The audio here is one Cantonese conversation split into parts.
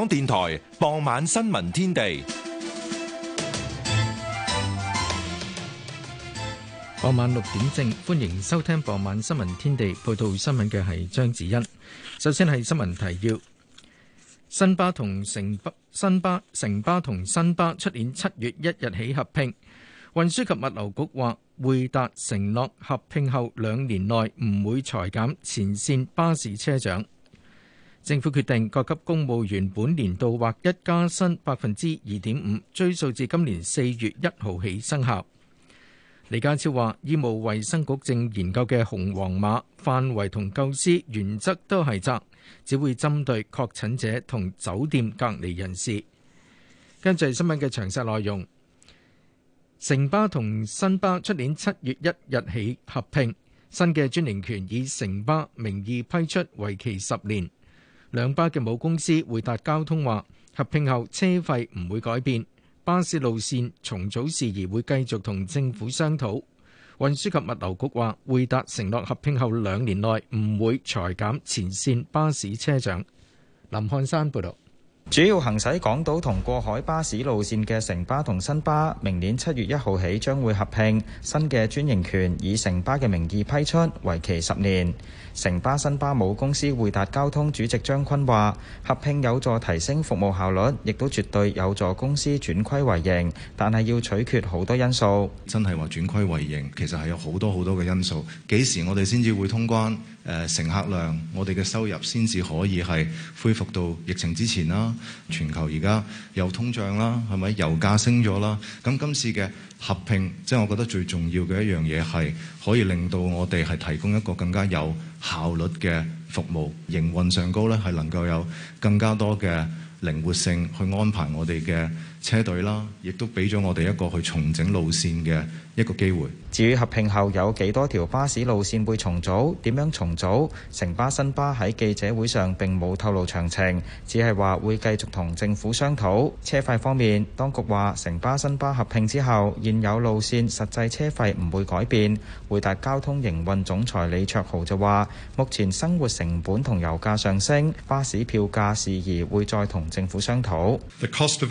港電台傍晚新聞天地，傍晚六點正，歡迎收聽傍晚新聞天地。報道新聞嘅係張子欣。首先係新聞提要：新巴同城巴、新巴城巴同新巴，出年七月一日起合併。運輸及物流局話，會達承諾，合併後兩年內唔會裁減前線巴士車長。政府決定各級公務員本年度劃一加薪百分之二點五，追溯至今年四月一號起生效。李家超話，醫務衛生局正研究嘅紅黃碼範圍同構思原則都係窄，只會針對確診者同酒店隔離人士。跟住新聞嘅詳細內容，城巴同新巴出年七月一日起合併，新嘅專營權以城巴名義批出，為期十年。兩巴嘅母公司匯達交通話，合併後車費唔會改變，巴士路線重組事宜會繼續同政府商討。運輸及物流局話，匯達承諾合併後兩年內唔會裁減前線巴士車長。林漢山報導。主要行駛港島同過海巴士路線嘅城巴同新巴，明年七月一號起將會合併，新嘅專營權以城巴嘅名義批出，為期十年。城巴新巴母公司匯達交通主席張坤話，合併有助提升服務效率，亦都絕對有助公司轉虧為盈，但係要取決好多因素。真係話轉虧為盈，其實，係有好多好多嘅因素。幾時，我哋先至會通關誒、呃，乘客量，我哋嘅收入先至可以係恢復到疫情之前啦。全球而家有通脹啦，係咪？油價升咗啦，咁今次嘅。合併，即係我覺得最重要嘅一樣嘢係可以令到我哋係提供一個更加有效率嘅服務，營運上高咧係能夠有更加多嘅靈活性去安排我哋嘅。車隊啦，亦都俾咗我哋一個去重整路線嘅一個機會。至於合併後有幾多條巴士路線會重組，點樣重組？城巴新巴喺記者會上並冇透露詳情，只係話會繼續同政府商討。車費方面，當局話城巴新巴合併之後，現有路線實際車費唔會改變。回達匯達交通營運總裁李卓豪就話：目前生活成本同油價上升，巴士票價事宜會再同政府商討。The cost of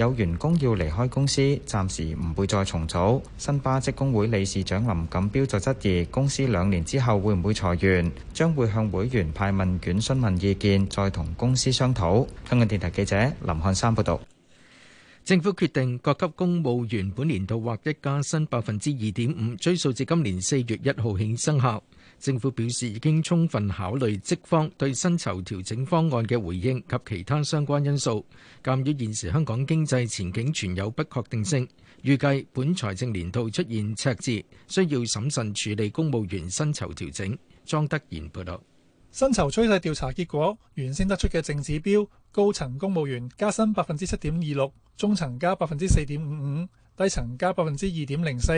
有員工要離開公司，暫時唔會再重組。新巴職工會理事長林錦標就質疑公司兩年之後會唔會裁員，將會向會員派問卷詢問意見，再同公司商討。香港電台記者林漢山報道。政府決定各級公務員本年度劃一加薪百分之二點五，追溯至今年四月一號起生效。政府表示已經充分考慮職方對薪酬調整方案嘅回應及其他相關因素。鑑於現時香港經濟前景存有不確定性，預計本財政年度出現赤字，需要審慎處理公務員薪酬調整。莊德賢報道，薪酬趨勢調查結果原先得出嘅正指標，高層公務員加薪百分之七點二六，中層加百分之四點五五，低層加百分之二點零四。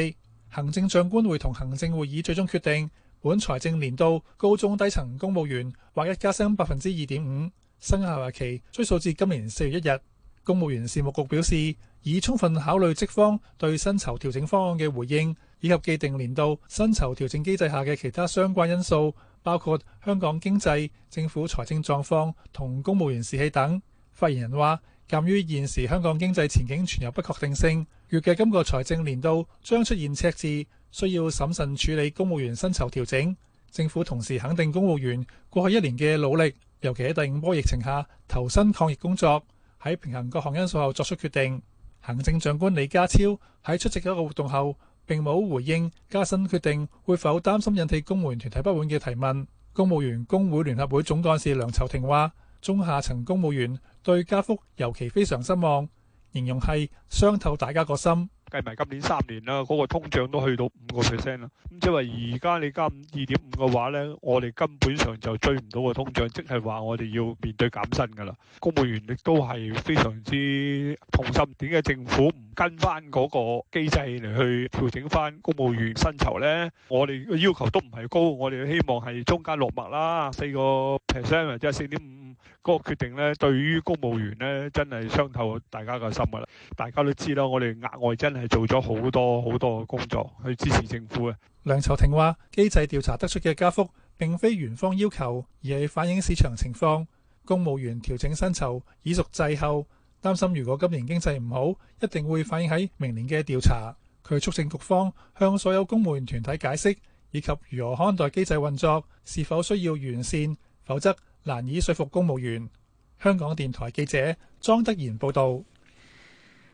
行政長官會同行政會議最終決定。本財政年度高中低層公務員或一加薪百分之二點五，生效日期追溯至今年四月一日。公務員事務局表示，已充分考慮職方對薪酬調整方案嘅回應，以及既定年度薪酬調整機制下嘅其他相關因素，包括香港經濟、政府財政狀況同公務員士氣等。發言人話，鑑於現時香港經濟前景存有不確定性，預計今個財政年度將出現赤字。需要審慎處理公務員薪酬調整，政府同時肯定公務員過去一年嘅努力，尤其喺第五波疫情下投身抗疫工作。喺平衡各項因素後作出決定。行政長官李家超喺出席一個活動後並冇回應加薪決定會否擔心引起公務員團體不滿嘅提問。公務員工會聯合會總幹事梁籌庭話：中下層公務員對加幅尤其非常失望，形容係傷透大家個心。計埋今年三年啦，嗰個通脹都去到五個 percent 啦。咁即係話，而家你加二點五嘅話咧，我哋根本上就追唔到個通脹，即係話我哋要面對減薪㗎啦。公務員亦都係非常之痛心，點解政府唔跟翻嗰個機制嚟去調整翻公務員薪酬咧？我哋嘅要求都唔係高，我哋希望係中間落墨啦，四個 percent 或者四點五。嗰個決定咧，對於公務員咧，真係傷透大家個心噶啦。大家都知啦，我哋額外真係做咗好多好多嘅工作去支持政府嘅。梁籌庭話：機制調查得出嘅加幅，並非元方要求，而係反映市場情況。公務員調整薪酬已屬滯後，擔心如果今年經濟唔好，一定會反映喺明年嘅調查。佢促請局方向所有公務員團體解釋，以及如何看待機制運作，是否需要完善，否則，難以說服公務員。香港電台記者莊德賢報道，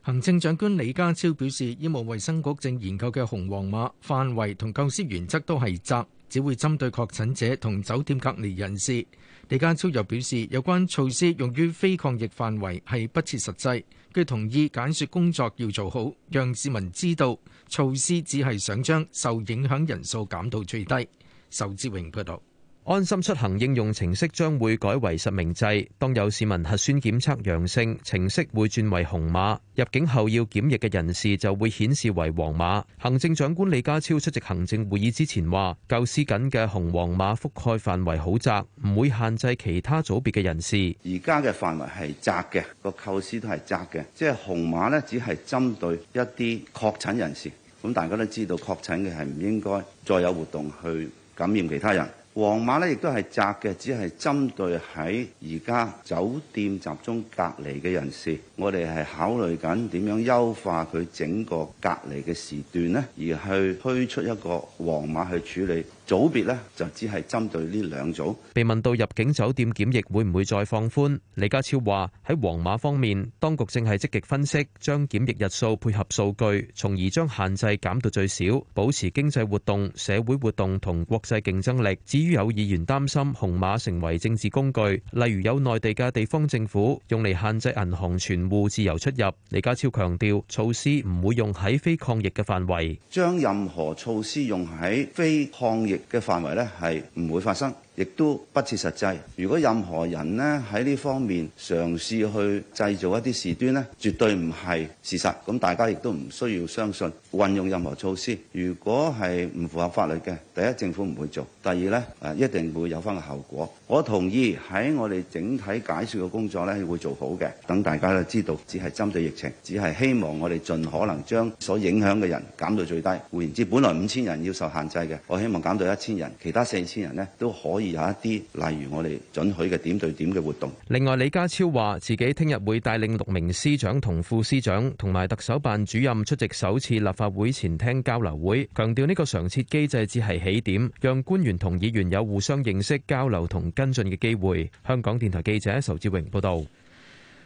行政長官李家超表示，醫務衛生局正研究嘅紅黃碼範圍同構思原則都係窄，只會針對確診者同酒店隔離人士。李家超又表示，有關措施用於非抗疫範圍係不切實際。佢同意簡說工作要做好，讓市民知道措施只係想將受影響人數減到最低。仇志榮報道。安心出行應用程式將會改為實名制。當有市民核酸檢測陽性，程式會轉為紅碼。入境後要檢疫嘅人士就會顯示為黃碼。行政長官李家超出席行政會議之前話：構思緊嘅紅黃碼覆蓋範圍好窄，唔會限制其他組別嘅人士。而家嘅範圍係窄嘅，個構思都係窄嘅，即係紅碼咧，只係針對一啲確診人士。咁大家都知道，確診嘅係唔應該再有活動去感染其他人。黃碼咧，亦都係窄嘅，只係針對喺而家酒店集中隔離嘅人士，我哋係考慮緊點樣優化佢整個隔離嘅時段，而去推出一個黃碼去處理。組別呢就只係針對呢兩組。被問到入境酒店檢疫會唔會再放寬，李家超話喺黃碼方面，當局正係積極分析，將檢疫日數配合數據，從而將限制減到最少，保持經濟活動、社會活動同國際競爭力。至於有議員擔心紅碼成為政治工具，例如有內地嘅地方政府用嚟限制銀行存戶自由出入，李家超強調措施唔會用喺非抗疫嘅範圍，將任何措施用喺非抗疫。嘅範圍咧，係唔會發生。亦都不切實際。如果任何人呢喺呢方面嘗試去製造一啲事端咧，絕對唔係事實，咁大家亦都唔需要相信。運用任何措施，如果係唔符合法律嘅，第一政府唔會做，第二咧誒一定會有翻個後果。我同意喺我哋整體解說嘅工作咧會做好嘅，等大家都知道，只係針對疫情，只係希望我哋盡可能將所影響嘅人減到最低。換言之，本來五千人要受限制嘅，我希望減到一千人，其他四千人咧都可以。有一啲，例如我哋准許嘅點對點嘅活動。另外，李家超話自己聽日會帶領六名司長同副司長同埋特首辦主任出席首次立法會前廳交流會，強調呢個常設機制只係起點，讓官員同議員有互相認識、交流同跟進嘅機會。香港電台記者仇志榮報導。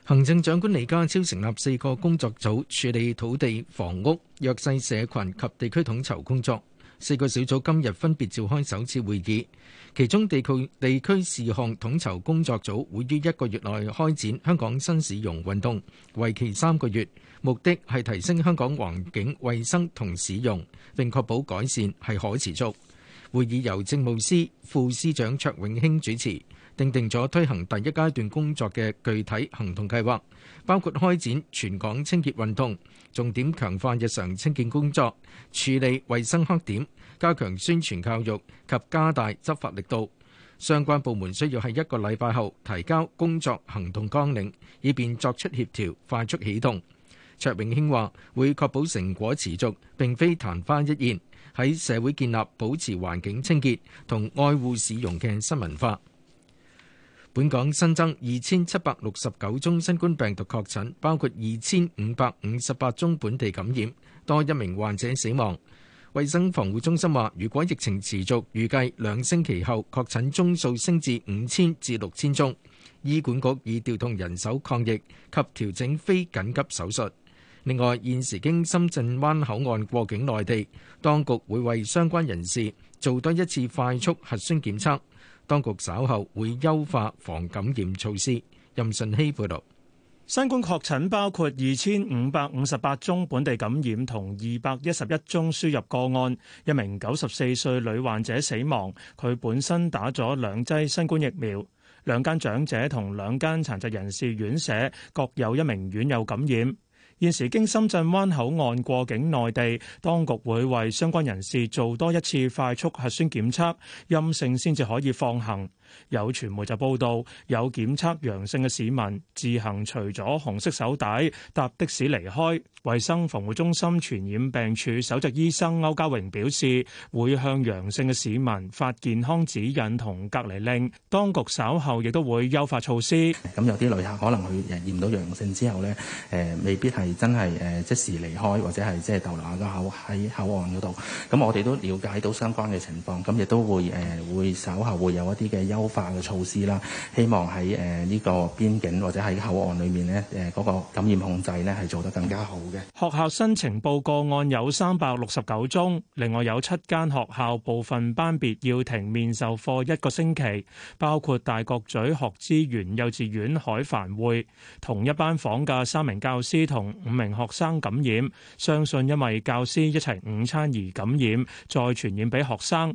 行政長官李家超成立四個工作組，處理土地、房屋、弱勢社群及地區統籌工作。四個小組今日分別召開首次會議，其中地區地區事項統籌工作組會於一個月內開展香港新市容運動，為期三個月，目的係提升香港環境衛生同市容，並確保改善係可持續。會議由政務司副司長卓永興主持，訂定咗推行第一階段工作嘅具體行動計劃，包括開展全港清潔運動，重點強化日常清潔工作，處理衛生黑點。加強宣傳教育及加大執法力度，相關部門需要喺一個禮拜後提交工作行動綱領，以便作出協調，快速起動。卓永興話：會確保成果持續，並非曇花一現，喺社會建立保持環境清潔同愛護市容嘅新文化。本港新增二千七百六十九宗新冠病毒確診，包括二千五百五十八宗本地感染，多一名患者死亡。衛生防護中心話，如果疫情持續，預計兩星期後確診宗數升至五千至六千宗。醫管局已調動人手抗疫及調整非緊急手術。另外，現時經深圳灣口岸過境內地，當局會為相關人士做多一次快速核酸檢測。當局稍後會優化防感染措施。任順熙報道。新冠確診包括二千五百五十八宗本地感染同二百一十一宗輸入個案，一名九十四歲女患者死亡，佢本身打咗兩劑新冠疫苗，兩間長者同兩間殘疾人士院舍各有一名院友感染。現時經深圳灣口岸過境內地，當局會為相關人士做多一次快速核酸檢測，陰性先至可以放行。有傳媒就報道有檢測陽性嘅市民自行除咗紅色手帶搭的士離開。衞生防護中心傳染病處首席醫生歐家榮表示，會向陽性嘅市民發健康指引同隔離令。當局稍後亦都會優化措施。咁有啲旅客可能佢驗到陽性之後呢，誒、呃、未必係真係誒即時離開，或者係即係逗留下個口喺口岸嗰度。咁我哋都了解到相關嘅情況，咁亦都會誒、呃、會稍後會有一啲嘅優。好化嘅措施啦，希望喺誒呢個邊境或者喺口岸裏面咧，誒嗰個感染控制咧，係做得更加好嘅。學校申請報個案有三百六十九宗，另外有七間學校部分班別要停面授課一個星期，包括大角咀學之園幼稚園海帆會同一班房嘅三名教師同五名學生感染，相信因為教師一齊午餐，而感染，再傳染俾學生。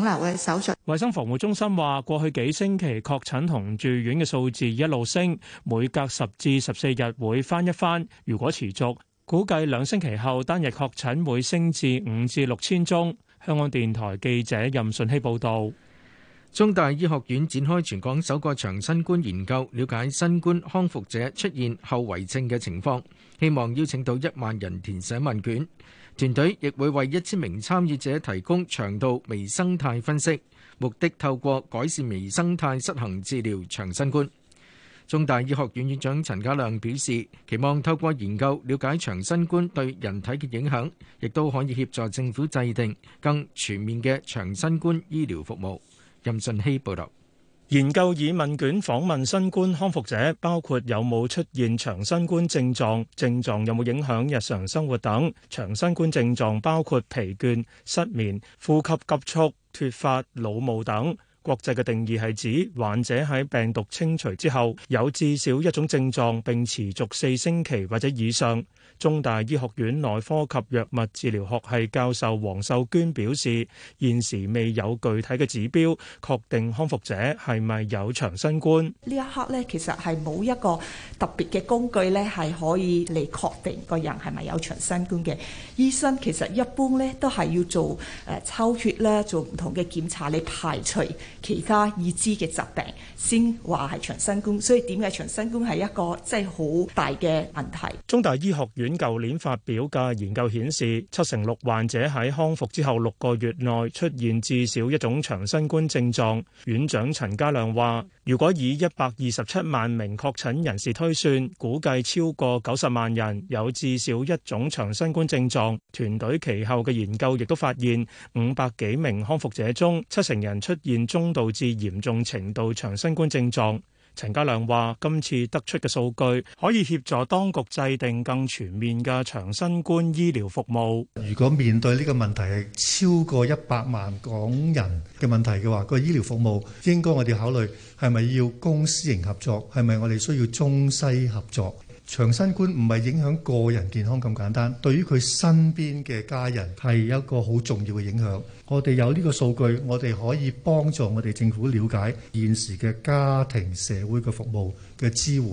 衛生防護中心話，過去幾星期確診同住院嘅數字一路升，每隔十至十四日會翻一番。如果持續，估計兩星期後單日確診會升至五至六千宗。香港電台記者任信希報道，中大醫學院展開全港首個長新冠研究，了解新冠康復者出現後遺症嘅情況，希望邀請到一萬人填寫問卷。團隊亦會為一千名參與者提供腸道微生態分析，目的透過改善微生態失衡治療長新冠。中大醫學院院長陳家亮表示，期望透過研究了解長新冠對人體嘅影響，亦都可以協助政府制定更全面嘅長新冠醫療服務。任信希報導。研究以問卷訪問新冠康復者，包括有冇出現長新冠症狀，症狀有冇影響日常生活等。長新冠症狀包括疲倦、失眠、呼吸急促、脫髮、腦霧等。國際嘅定義係指患者喺病毒清除之後，有至少一種症狀並持續四星期或者以上。中大醫學院內科及藥物治療學系教授黃秀娟表示，現時未有具體嘅指標，確定康復者係咪有長新冠。呢一刻咧，其實係冇一個特別嘅工具咧，係可以嚟確定個人係咪有長新冠嘅。醫生其實一般咧都係要做誒抽血啦，做唔同嘅檢查嚟排除其他已知嘅疾病，先話係長新冠。所以點解長新冠係一個即係好大嘅問題？中大醫學院舊年發表嘅研究顯示，七成六患者喺康復之後六個月內出現至少一種長新冠症狀。院長陳家亮話，如果以一百二十七萬名確診人士推算，估計超過九十萬人有至少一種長新冠症狀。團隊其後嘅研究亦都發現，五百幾名康復者中，七成人出現中度至嚴重程度長新冠症狀。陳家亮話：今次得出嘅數據可以協助當局制定更全面嘅長新冠醫療服務。如果面對呢個問題係超過一百萬港人嘅問題嘅話，個醫療服務應該我哋考慮係咪要公私營合作，係咪我哋需要中西合作？長新冠唔係影響個人健康咁簡單，對於佢身邊嘅家人係一個好重要嘅影響。我哋有呢個數據，我哋可以幫助我哋政府了解現時嘅家庭社會嘅服務。嘅支援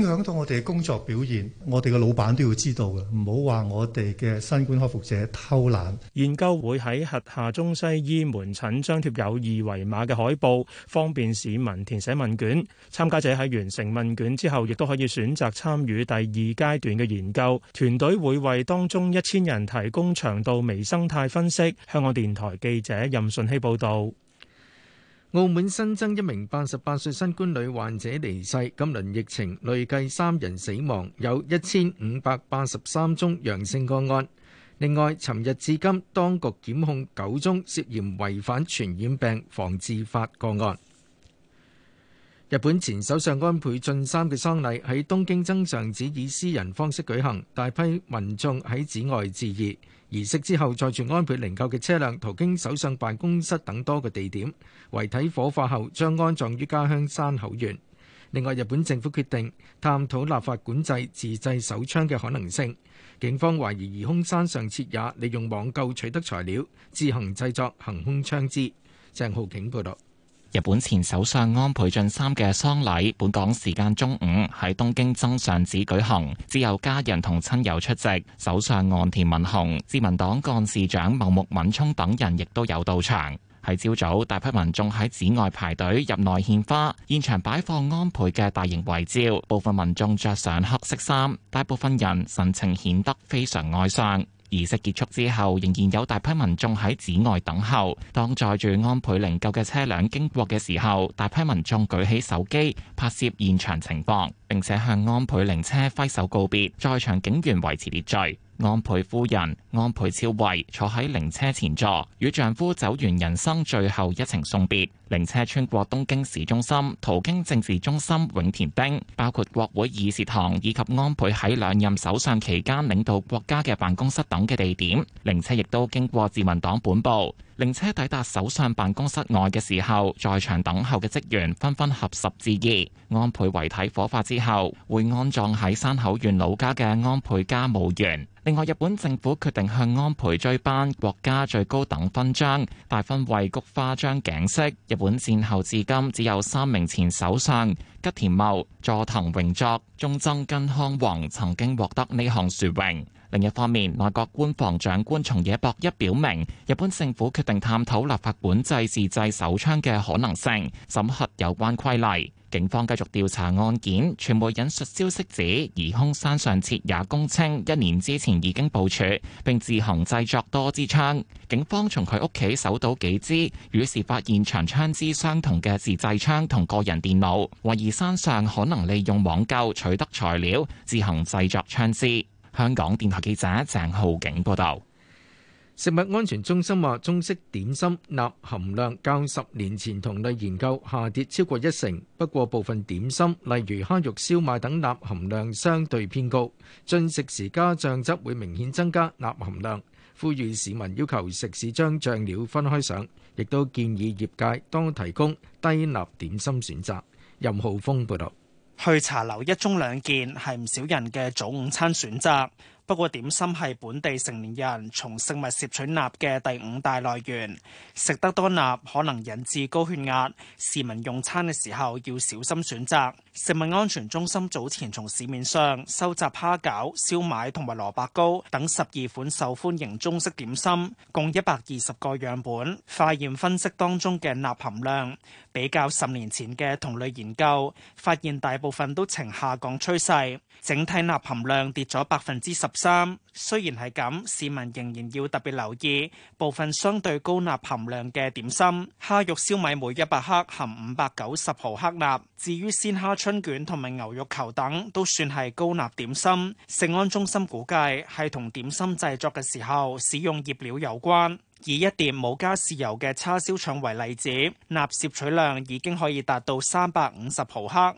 影響到我哋嘅工作表現，我哋嘅老闆都要知道嘅，唔好話，我哋嘅新冠康復者偷懶。研究會喺轄下中西醫門診張貼有二維碼嘅海報，方便市民填寫問卷。參加者喺完成問卷之後亦都可以選擇參與第二階段嘅研究。團隊會為當中一千人提供腸道微生態分析。香港電台記者任順希報道。澳門新增一名八十八歲新冠女患者離世，今輪疫情累計三人死亡，有一千五百八十三宗陽性個案。另外，尋日至今，當局檢控九宗涉嫌違反傳染病防治法個案。日本前首相安倍晉三嘅喪禮喺東京增上寺以私人方式舉行，大批民眾喺寺外致意。儀式之後，載住安倍靈柩嘅車輛途經首相辦公室等多個地點。遺體火化後，將安葬於家鄉山口縣。另外，日本政府決定探討立法管制自製手槍嘅可能性。警方懷疑疑兇山上徹也利用網購取得材料，自行製作行兇槍支。鄭浩景報道。日本前首相安倍晉三嘅喪禮，本港時間中午喺東京增上寺舉行，只有家人同親友出席。首相岸田文雄、自民黨幹事長茂木敏充等人亦都有到場。喺朝早，大批民眾喺寺外排隊入內獻花，現場擺放安倍嘅大型遺照，部分民眾着上黑色衫，大部分人神情顯得非常哀傷。儀式結束之後，仍然有大批民眾喺寺外等候。當載住安倍靈柩嘅車輛經過嘅時候，大批民眾舉起手機拍攝現場情況，並且向安倍靈車揮手告別。在場警員維持秩序。安倍夫人安倍昭惠坐喺靈車前座，與丈夫走完人生最後一程送別。靈車穿過東京市中心，途經政治中心永田町，包括國會議事堂以及安倍喺兩任首相期間領導國家嘅辦公室等嘅地點。靈車亦都經過自民黨本部。靈車抵達首相辦公室外嘅時候，在場等候嘅職員紛紛合十致意。安倍遺體火化之後會安葬喺山口縣老家嘅安倍家墓園。另外，日本政府決定向安倍追頒國家最高等勛章，大勳位菊花章頸飾。日本戰後至今只有三名前首相吉田茂、佐藤榮作、中曾根康弘曾經獲得呢項殊榮。另一方面，內閣官房長官松野博一表明，日本政府決定探討立法管制自製手槍嘅可能性，審核有關規例。警方繼續調查案件，傳媒引述消息指，疑兇山上徹也供稱，一年之前已經部署並自行製作多支槍。警方從佢屋企搜到幾支，與事發現場槍支相同嘅自製槍同個人電腦。懷疑山上可能利用網購取得材料，自行製作槍支。香港電台記者鄭浩景報道。食物安全中心話，中式點心鈉含量較十年前同類研究下跌超過一成，不過部分點心，例如蝦肉燒賣等，鈉含量相對偏高。進食時加醬汁會明顯增加鈉含量。呼籲市民要求食肆將醬料分開上，亦都建議業界多提供低鈉點心選擇。任浩峯報導。去茶樓一盅兩件係唔少人嘅早午餐選擇。不過點心係本地成年人從食物攝取鈉嘅第五大來源，食得多鈉可能引致高血壓，市民用餐嘅時候要小心選擇。食物安全中心早前從市面上收集蝦餃、燒賣同埋蘿蔔糕等十二款受歡迎中式點心，共一百二十個樣本，化驗分析當中嘅鈉含量，比較十年前嘅同類研究，發現大部分都呈下降趨勢。整體鈉含量跌咗百分之十三，雖然係咁，市民仍然要特別留意部分相對高鈉含量嘅點心，蝦肉燒米每一百克含五百九十毫克鈉。至於鮮蝦春捲同埋牛肉球等，都算係高鈉點心。食安中心估計係同點心製作嘅時候使用醃料有關。以一碟冇加豉油嘅叉燒腸為例子，鈉攝取量已經可以達到三百五十毫克。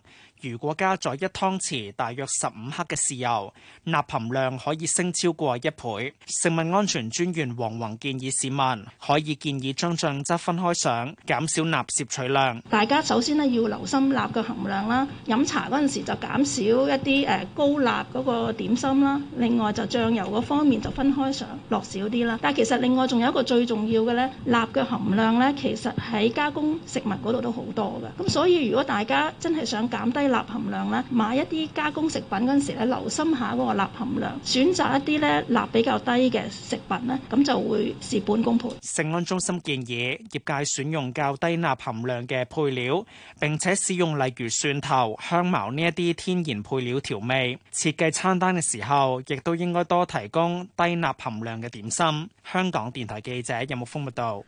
如果加咗一湯匙大約十五克嘅豉油，鈉含量可以升超過一倍。食物安全專員黃宏建議市民可以建議將醬汁分開上，減少鈉攝取量。大家首先呢要留心鈉嘅含量啦，飲茶嗰陣時就減少一啲誒高鈉嗰個點心啦。另外就醬油嗰方面就分開上落少啲啦。但係其實另外仲有一個最重要嘅呢，鈉嘅含量呢其實喺加工食物嗰度都好多㗎。咁所以如果大家真係想減低鈉，鈉含量咧，買一啲加工食品嗰陣時咧，留心下個鈉含量，選擇一啲咧鈉比較低嘅食品呢，咁就會事半功倍。食安中心建議業界選用較低鈉含量嘅配料，並且使用例如蒜頭、香茅呢一啲天然配料調味。設計餐單嘅時候，亦都應該多提供低鈉含量嘅點心。香港電台記者任木峰報道。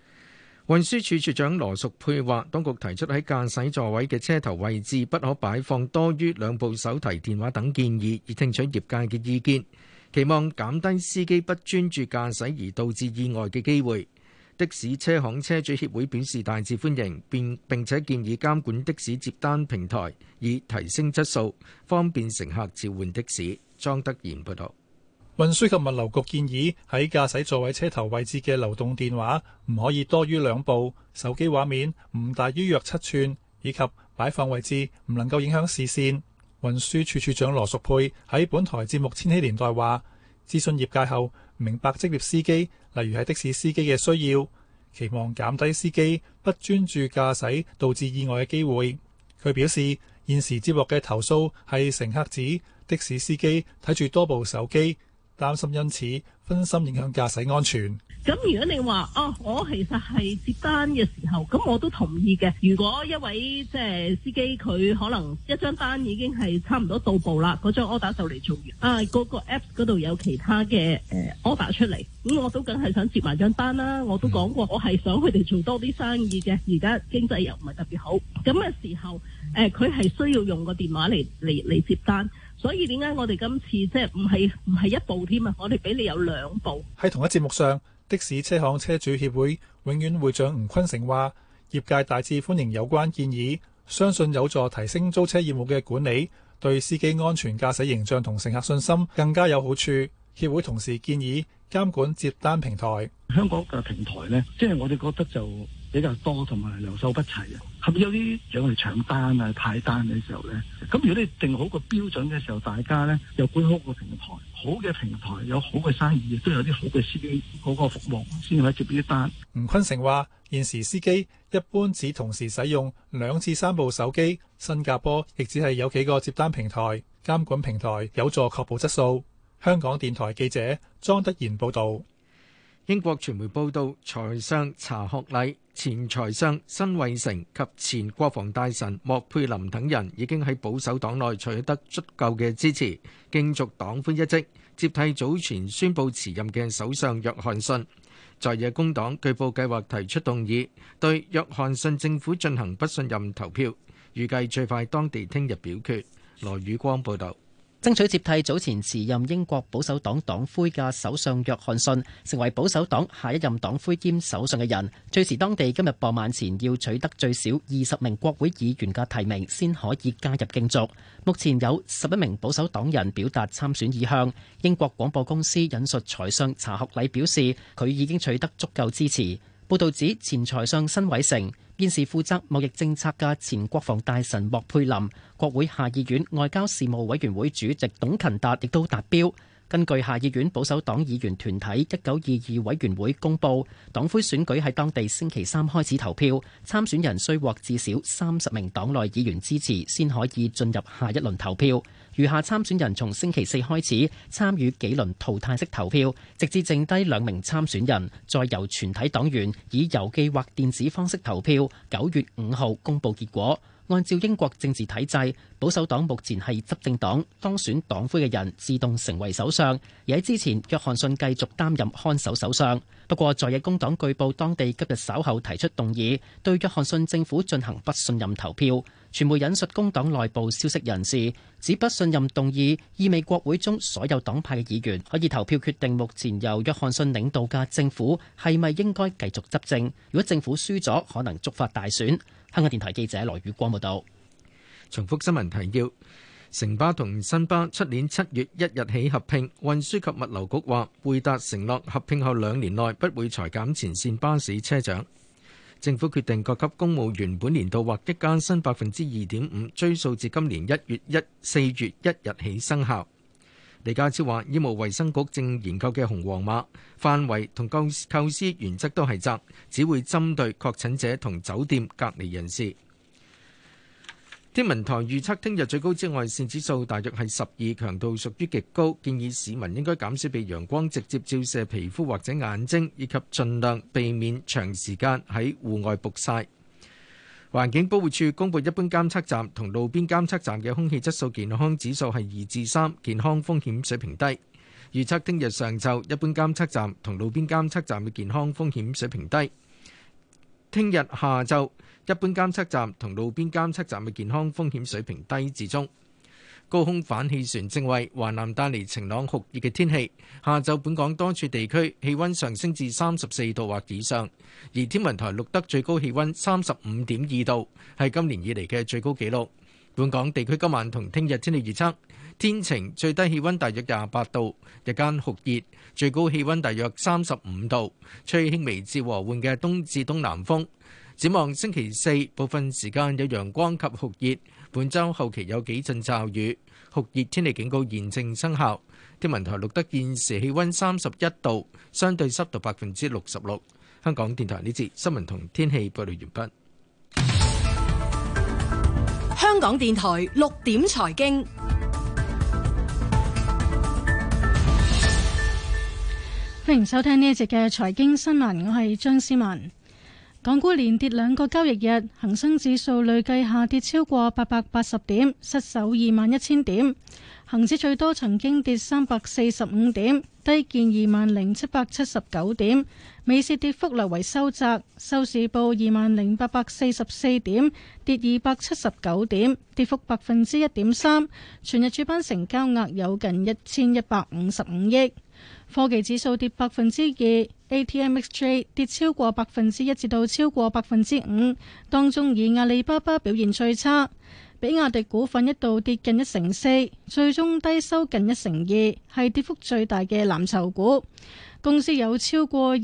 運輸署署長羅淑佩話，當局提出喺駕駛座位嘅車頭位置不可擺放多於兩部手提電話等建議，以聽取業界嘅意見，期望減低司機不專注駕駛而導致意外嘅機會。的士車行車主協會表示大致歡迎，並並且建議監管的士接單平台，以提升質素，方便乘客召喚的士。莊德賢報道。運輸及物流局建議喺駕駛座位車頭位置嘅流動電話唔可以多於兩部，手機畫面唔大於約七吋，以及擺放位置唔能夠影響視線。運輸處處長羅淑佩喺本台節目《千禧年代》話，諮詢業界後明白職業司機，例如係的士司機嘅需要，期望減低司機不專注駕駛導致意外嘅機會。佢表示，現時接獲嘅投訴係乘客指的士司機睇住多部手機。擔心因此分心影響駕駛安全。咁如果你話哦，我其實係接單嘅時候，咁我都同意嘅。如果一位即係、呃、司機佢可能一張單已經係差唔多到步啦，嗰張 order 就嚟做完。啊，嗰個 app 嗰度有其他嘅，誒、呃、order 出嚟，咁我都梗係想接埋張單啦。我都講過，嗯、我係想佢哋做多啲生意嘅。而家經濟又唔係特別好，咁嘅時候，誒、呃，佢係需要用個電話嚟嚟嚟接單。所以點解我哋今次即係唔係唔係一部添啊？我哋俾你有兩部。喺同一節目上，的士車行車主協會永遠會長吳坤成話，業界大致歡迎有關建議，相信有助提升租車業務嘅管理，對司機安全駕駛形象同乘客信心更加有好處。協會同時建議監管接單平台。香港嘅平台呢，即係我哋覺得就。比較多，同埋良莠不齊啊！後面有啲想嚟搶單啊、派單嘅時候咧，咁如果你定好個標準嘅時候，大家咧又管好個平台，好嘅平台有好嘅生意，亦都有啲好嘅司機嗰個服務先可以接呢啲單。吳坤成話：現時司機一般只同時使用兩至三部手機，新加坡亦只係有幾個接單平台，監管平台有助確保質素。香港電台記者莊德賢報導。英國傳媒報導，財商查學禮。前財相辛偉誠及前國防大臣莫佩林等人已經喺保守黨內取得足夠嘅支持，競逐黨魁一職，接替早前宣布辭任嘅首相約翰遜。在野工黨據報計劃提出動議，對約翰遜政府進行不信任投票，預計最快當地聽日表決。羅宇光報導。爭取接替早前辭任英國保守黨黨魁嘅首相約翰遜，成為保守黨下一任黨魁兼首相嘅人。最遲當地今日傍晚前要取得最少二十名國會議員嘅提名，先可以加入競逐。目前有十一名保守黨人表達參選意向。英國廣播公司引述財相查克禮表示，佢已經取得足夠支持。報道指前財相辛偉誠。現時負責貿易政策嘅前國防大臣莫佩林、國會下議院外交事務委員會主席董勤達亦都達標。根據下議院保守黨議員團體一九二二委員會公布，黨魁選舉喺當地星期三開始投票，參選人需獲至少三十名黨內議員支持，先可以進入下一輪投票。餘下參選人從星期四開始參與幾輪淘汰式投票，直至剩低兩名參選人，再由全體黨員以郵寄或電子方式投票。九月五號公佈結果。按照英國政治體制，保守黨目前係執政黨，當選黨魁嘅人自動成為首相。而喺之前，約翰遜繼續擔任看守首相。不過，在野工黨據報當地今日稍後提出動議，對約翰遜政府進行不信任投票。傳媒引述工黨內部消息人士指，不信任動議意味國會中所有黨派嘅議員可以投票決定，目前由約翰遜領導嘅政府係咪應該繼續執政。如果政府輸咗，可能觸發大選。香港電台記者羅宇光報道。重複新聞提要：城巴同新巴出年七月一日起合併，運輸及物流局話回答承諾，合併後兩年內不會裁減前線巴士車長。政府決定各級公務員本年度獲加薪百分之二點五，追溯至今年一月一四月一日起生效。李家超話：醫務衛生局正研究嘅紅黃碼範圍同構構思原則都係窄，只會針對確診者同酒店隔離人士。天文台預測聽日最高紫外線指數大約係十二，強度屬於極高，建議市民應該減少被陽光直接照射皮膚或者眼睛，以及盡量避免長時間喺戶外曝曬。環境保護署公布一般監測站同路邊監測站嘅空氣質素健康指數係二至三，健康風險水平低。預測聽日上晝一般監測站同路邊監測站嘅健康風險水平低。聽日下晝。一般監測站同路邊監測站嘅健康風險水平低至中。高空反氣旋正為華南帶嚟晴朗酷熱嘅天氣，下晝本港多處地區氣溫上升至三十四度或以上，而天文台錄得最高氣溫三十五點二度，係今年以嚟嘅最高紀錄。本港地區今晚同聽日天氣預測天晴，最低氣溫大約廿八度，日間酷熱，最高氣溫大約三十五度，吹輕微至和緩嘅東至東南風。展望星期四，部分時間有陽光及酷熱。本週後期有幾陣驟雨，酷熱天氣警告現正生效。天文台錄得現時氣温三十一度，相對濕度百分之六十六。香港電台呢節新聞同天氣報道完畢。香港電台六點財經，歡迎收聽呢一節嘅財經新聞，我係張思文。港股連跌兩個交易日，恆生指數累計下跌超過八百八十點，失守二萬一千點。恆指最多曾經跌三百四十五點，低見二萬零七百七十九點。尾市跌幅略為收窄，收市報二萬零八百四十四點，跌二百七十九點，跌幅百分之一點三。全日主板成交額有近一千一百五十五億。科技指數跌百分之二。A.T.M.X.J 跌超過百分之一至到超過百分之五，當中以阿里巴巴表現最差，比亞迪股份一度跌近一成四，最終低收近一成二，係跌幅最大嘅藍籌股。公司有超過二二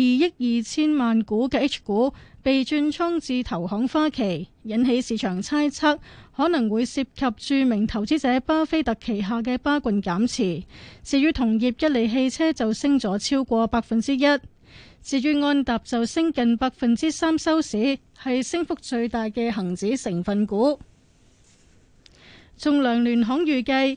億二千萬股嘅 H 股。被轉倉至投行花旗，引起市場猜測可能會涉及著名投資者巴菲特旗下嘅巴郡減持。至於同業一利汽車就升咗超過百分之一，至於安踏就升近百分之三收市，係升幅最大嘅恒指成分股。仲量聯行預計。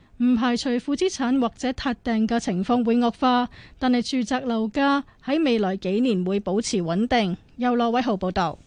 唔排除負資產或者特定嘅情況會惡化，但係住宅樓價喺未來幾年會保持穩定。由羅偉豪報道。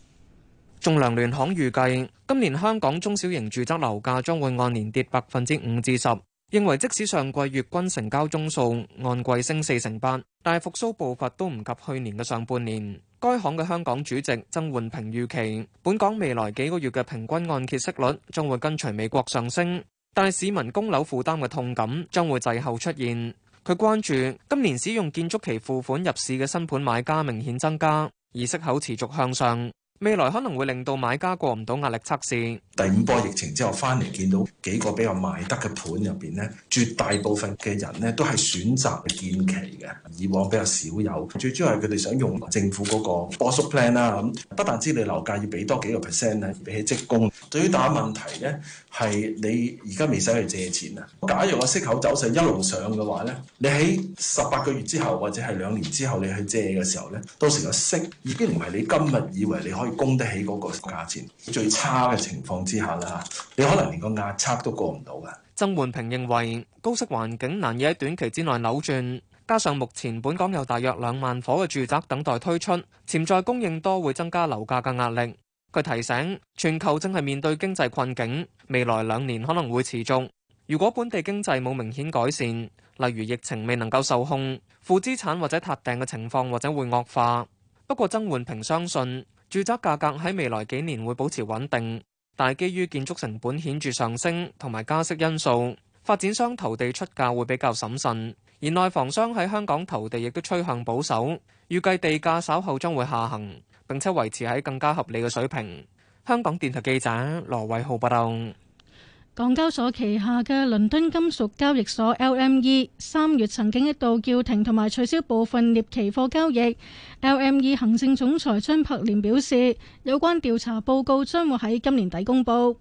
仲量聯行預計今年香港中小型住宅樓價將會按年跌百分之五至十，10，認為即使上季月均成交宗數按季升四成八，但係復甦步伐都唔及去年嘅上半年。該行嘅香港主席曾煥平預期，本港未來幾個月嘅平均按揭息率將會跟隨美國上升。但係市民供樓負擔嘅痛感將會滯後出現。佢關注今年使用建築期付款入市嘅新盤買家明顯增加，而息口持續向上。未來可能會令到買家過唔到壓力測試。第五波疫情之後翻嚟，見到幾個比較賣得嘅盤入邊咧，絕大部分嘅人咧都係選擇建期嘅。以往比較少有，最主要係佢哋想用政府嗰個波叔 plan 啦、嗯，咁不單止你樓價要俾多幾個 percent 咧，比起即供。最大問題咧係你而家未使去借錢啊。假如個息口走勢一路上嘅話咧，你喺十八個月之後或者係兩年之後你去借嘅時候咧，到時個息已經唔係你今日以為你可。供得起嗰個價錢，最差嘅情況之下啦，你可能連個壓測都過唔到嘅。曾煥平認為高息環境難以喺短期之內扭轉，加上目前本港有大約兩萬伙嘅住宅等待推出，潛在供應多會增加樓價嘅壓力。佢提醒全球正係面對經濟困境，未來兩年可能會持續，如果本地經濟冇明顯改善，例如疫情未能夠受控、負資產或者撻訂嘅情況或者會惡化。不過曾煥平相信。住宅價格喺未來幾年會保持穩定，但係基於建築成本顯著上升同埋加息因素，發展商投地出價會比較審慎。而內房商喺香港投地亦都趨向保守，預計地價稍後將會下行，並且維持喺更加合理嘅水平。香港電台記者羅偉浩報道。港交所旗下嘅倫敦金屬交易所 LME 三月曾經一度叫停同埋取消部分鎳期貨交易。LME 行政總裁張柏廉表示，有關調查報告將會喺今年底公布，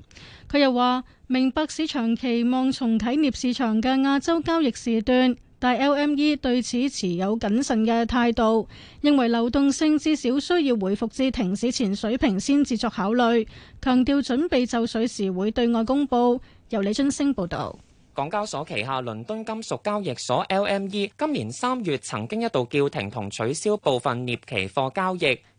佢又話明白市場期望重啟鎳市場嘅亞洲交易時段。但係 LME 對此持有謹慎嘅態度，認為流動性至少需要回復至停市前水平先至作考慮，強調準備就緒時會對外公佈。由李津升報導。港交所旗下倫敦金屬交易所 LME 今年三月曾經一度叫停同取消部分鎳期貨交易。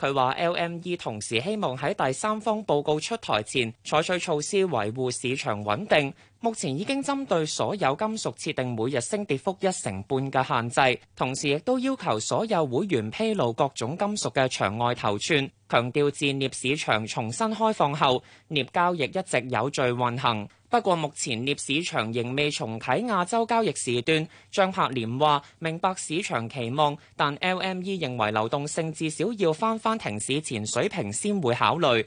佢話 LME 同時希望喺第三方報告出台前採取措施維護市場穩定，目前已經針對所有金屬設定每日升跌幅一成半嘅限制，同時亦都要求所有會員披露各種金屬嘅場外頭寸，強調自鎳市場重新開放後，鎳交易一直有序運行。不過目前鎳市場仍未重啟亞洲交易時段，張柏廉話明白市場期望，但 LME 認為流動性至少要返返停市前水平先會考慮。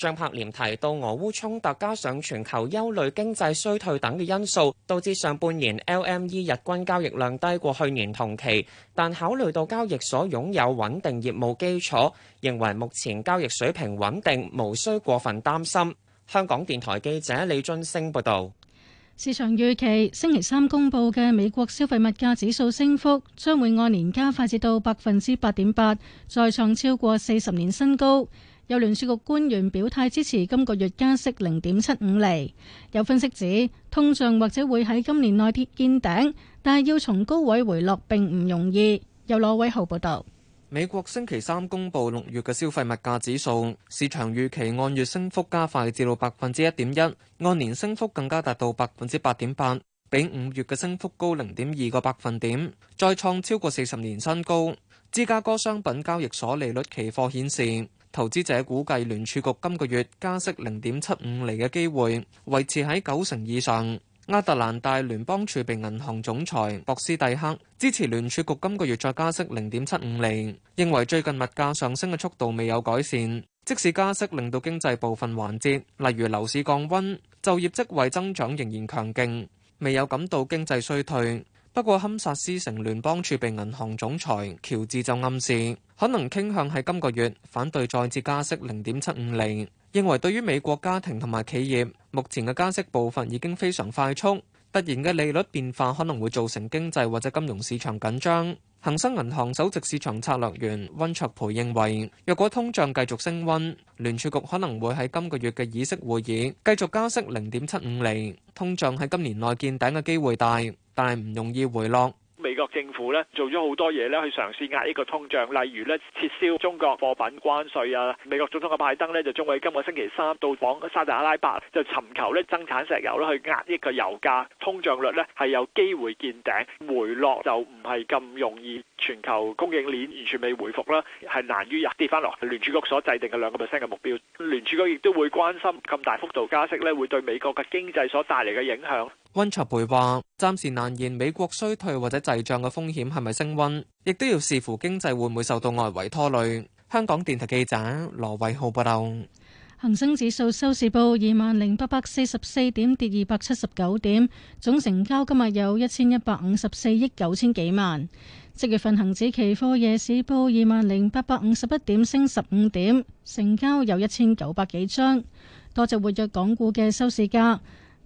張柏廉提到，俄烏衝突加上全球憂慮、經濟衰退等嘅因素，導致上半年 LME 日均交易量低過去年同期。但考慮到交易所擁有穩定業務基礎，認為目前交易水平穩定，無需過分擔心。香港電台記者李津升報道。市場預期星期三公布嘅美國消費物價指數升幅將會按年加快至到百分之八點八，再創超過四十年新高。有聯儲局官員表態支持今個月加息零點七五厘。有分析指，通脹或者會喺今年內跌見頂，但係要從高位回落並唔容易。由羅偉豪報道：美國星期三公布六月嘅消費物價指數，市場預期按月升幅加快至到百分之一點一，按年升幅更加達到百分之八點八，比五月嘅升幅高零點二個百分點，再創超過四十年新高。芝加哥商品交易所利率期貨顯示，投資者估計聯儲局今個月加息零點七五厘嘅機會維持喺九成以上。亞特蘭大聯邦儲備銀行總裁博斯蒂克支持聯儲局今個月再加息零點七五厘，認為最近物價上升嘅速度未有改善，即使加息令到經濟部分環節，例如樓市降溫，就業職位增長仍然強勁，未有感到經濟衰退。不過，堪薩斯城聯邦儲備銀行總裁喬治就暗示，可能傾向喺今個月反對再次加息零點七五厘。認為對於美國家庭同埋企業，目前嘅加息部分已經非常快速，突然嘅利率變化可能會造成經濟或者金融市場緊張。恒生銀行首席市場策略員溫卓培認為，若果通脹繼續升溫，聯儲局可能會喺今個月嘅議息會議繼續加息零點七五厘。通脹喺今年內見頂嘅機會大。但係唔容易回落。美國政府咧做咗好多嘢咧，去嘗試壓抑個通脹，例如咧撤銷中國貨品關稅啊。美國總統阿拜登咧就將會今個星期三到訪沙特阿拉伯，就尋求咧增產石油啦，去壓抑個油價。通脹率咧係有機會見頂，回落就唔係咁容易。全球供應鏈完全未回復啦，係難於跌翻落。聯儲局所制定嘅兩個 percent 嘅目標，聯儲局亦都會關心咁大幅度加息咧，會對美國嘅經濟所帶嚟嘅影響。溫卓培話：暫時難言美國衰退或者滯脹嘅風險係咪升温，亦都要視乎經濟會唔會受到外圍拖累。香港電台記者羅偉浩報道，恒生指數收市報二萬零八百四十四點，跌二百七十九點，總成交今日有一千一百五十四億九千幾萬。即月份恒指期貨夜市報二萬零八百五十一點，升十五點，成交有一千九百幾張，多隻活躍港股嘅收市價。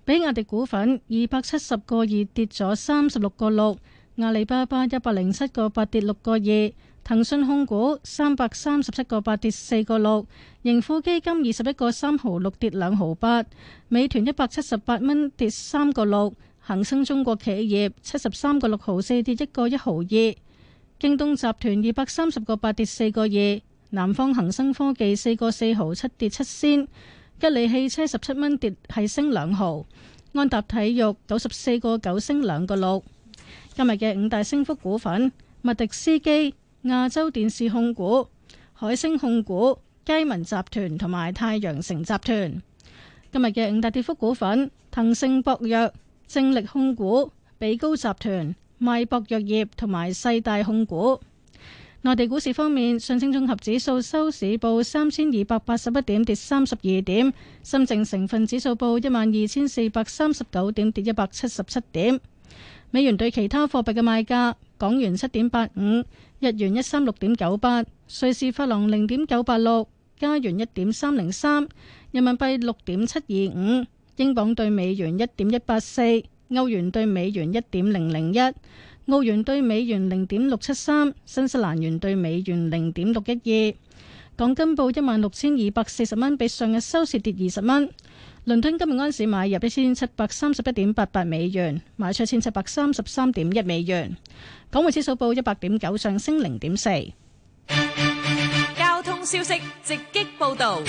比亞迪股份二百七十個二跌咗三十六個六，阿里巴巴一百零七個八跌六個二，騰訊控股三百三十七個八跌四個六，盈富基金二十一個三毫六跌兩毫八，美團一百七十八蚊跌三個六，恒生中國企業七十三個六毫四跌一個一毫二，京東集團二百三十個八跌四個二，南方恒生科技四個四毫七跌七仙。吉利汽車十七蚊跌係升兩毫，安踏體育九十四個九升兩個六。今日嘅五大升幅股份：麥迪斯基、亞洲電視控股、海星控股、佳文集團同埋太陽城集團。今日嘅五大跌幅股份：騰盛博藥、正力控股、比高集團、邁博藥業同埋世大控股。內地股市方面，上證綜合指數收市報三千二百八十一點，跌三十二點；深證成分指數報一萬二千四百三十九點，跌一百七十七點。美元對其他貨幣嘅賣價：港元七點八五，日元一三六點九八，瑞士法郎零點九八六，加元一點三零三，人民幣六點七二五，英鎊對美元一點一八四，歐元對美元一點零零一。澳元兌美元零點六七三，新西蘭元兌美元零點六一二，港金報一萬六千二百四十蚊，比上日收市跌二十蚊。倫敦今日安市買入一千七百三十一點八八美元，賣出一千七百三十三點一美元。港匯指數報一百點九，上升零點四。交通消息直擊報道。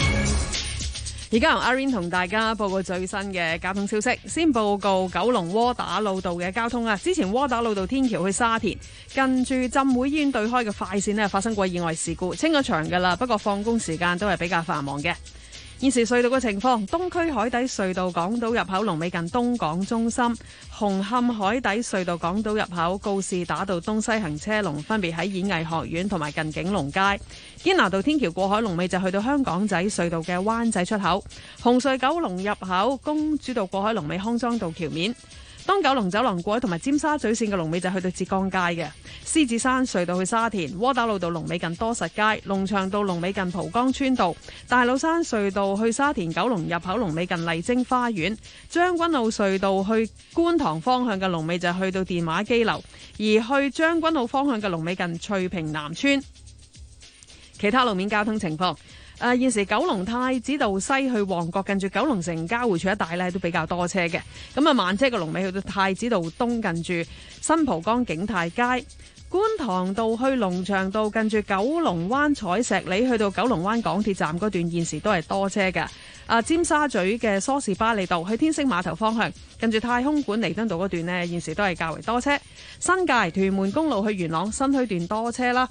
而家由阿 rain 同大家報告最新嘅交通消息。先報告九龍窩打老道嘅交通啊，之前窩打老道天橋去沙田，近住浸會醫院對開嘅快線咧發生過意外事故，清咗場噶啦。不過放工時間都係比較繁忙嘅。現時隧道嘅情況：東區海底隧道港島入口龍尾近東港中心；紅磡海底隧道港島入口告士打道東西行車龍分別喺演藝學院同埋近景龍街；堅拿道天橋過海龍尾就去到香港仔隧道嘅灣仔出口；紅隧九龍入口公主道過海龍尾康莊道橋面。東九龍走廊過海同埋尖沙咀線嘅龍尾就去到浙江街嘅，獅子山隧道去沙田窩打老道龍尾近多實街，龍翔道龍尾近蒲崗村道，大老山隧道去沙田九龍入口龍尾近麗晶花園，將軍澳隧道去觀塘方向嘅龍尾就去到電話機樓，而去將軍澳方向嘅龍尾近翠屏南村，其他路面交通情況。啊！現時九龍太子道西去旺角近住九龍城交匯處一帶咧，都比較多車嘅。咁啊，慢車嘅龍尾去到太子道東近住新蒲崗景泰街、觀塘道去龍翔道近住九龍灣彩石里去到九龍灣港鐵站嗰段，現時都係多車嘅。啊，尖沙咀嘅梳士巴利道去天星碼頭方向，近住太空館、彌敦道嗰段呢現時都係較為多車。新界屯門公路去元朗新墟段多車啦。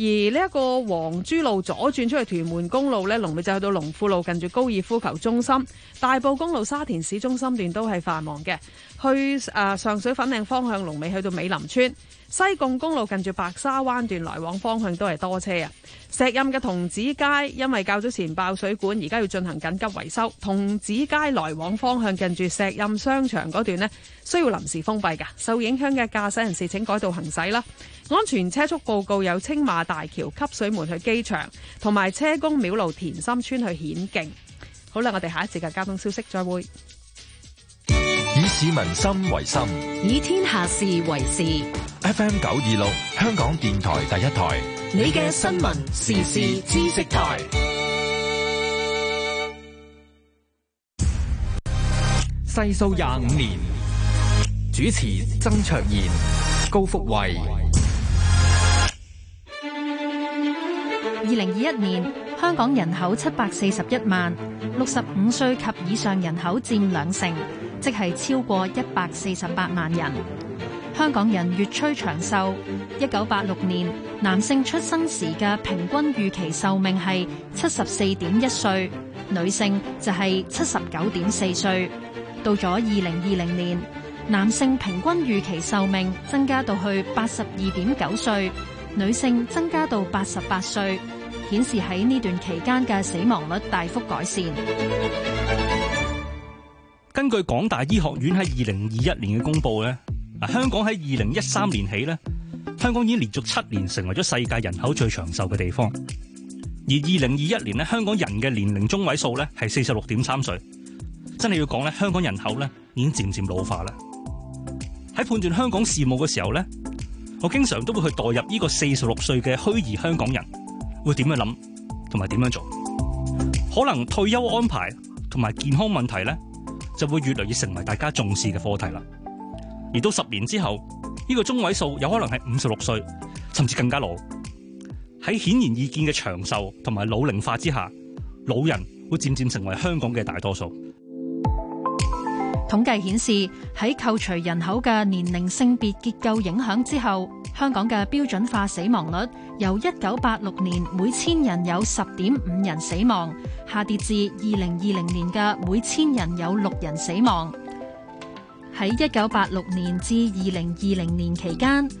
而呢一個黃珠路左轉出去屯門公路呢，龍尾就去到龍富路近住高爾夫球中心、大埔公路沙田市中心段都係繁忙嘅。去啊上水粉嶺方向，龍尾去到美林村。西貢公路近住白沙灣段來往方向都係多車啊！石蔭嘅童子街因為較早前爆水管，而家要進行緊急維修。童子街來往方向近住石蔭商場嗰段呢，需要臨時封閉噶。受影響嘅駕駛人士請改道行駛啦。安全車速報告有青馬大橋、汲水門去機場，同埋車公廟路田心村去顯徑。好啦，我哋下一節嘅交通消息再會。以市民心為心，以天下事為事。FM 九二六，香港電台第一台。你嘅新聞時事知識台，細數廿五年，主持曾卓然、高福慧。二零二一年，香港人口七百四十一萬，六十五歲及以上人口占兩成。即係超過一百四十八萬人。香港人越趨長壽。一九八六年，男性出生時嘅平均預期壽命係七十四點一歲，女性就係七十九點四歲。到咗二零二零年，男性平均預期壽命增加到去八十二點九歲，女性增加到八十八歲，顯示喺呢段期間嘅死亡率大幅改善。根據港大醫學院喺二零二一年嘅公布咧，香港喺二零一三年起咧，香港已經連續七年成為咗世界人口最長壽嘅地方。而二零二一年呢，香港人嘅年齡中位數咧係四十六點三歲，真係要講咧，香港人口咧已經漸漸老化啦。喺判斷香港事務嘅時候咧，我經常都會去代入呢個四十六歲嘅虛擬香港人會點樣諗同埋點樣做，可能退休安排同埋健康問題咧就會越嚟越成為大家重視嘅課題啦。而到十年之後，呢個中位數有可能係五十六歲，甚至更加老。喺顯然易見嘅長壽同埋老齡化之下，老人會漸漸成為香港嘅大多數。統計顯示，喺扣除人口嘅年齡性別結構影響之後。香港嘅標準化死亡率由一九八六年每千人有十點五人死亡，下跌至二零二零年嘅每千人有六人死亡。喺一九八六年至二零二零年期間。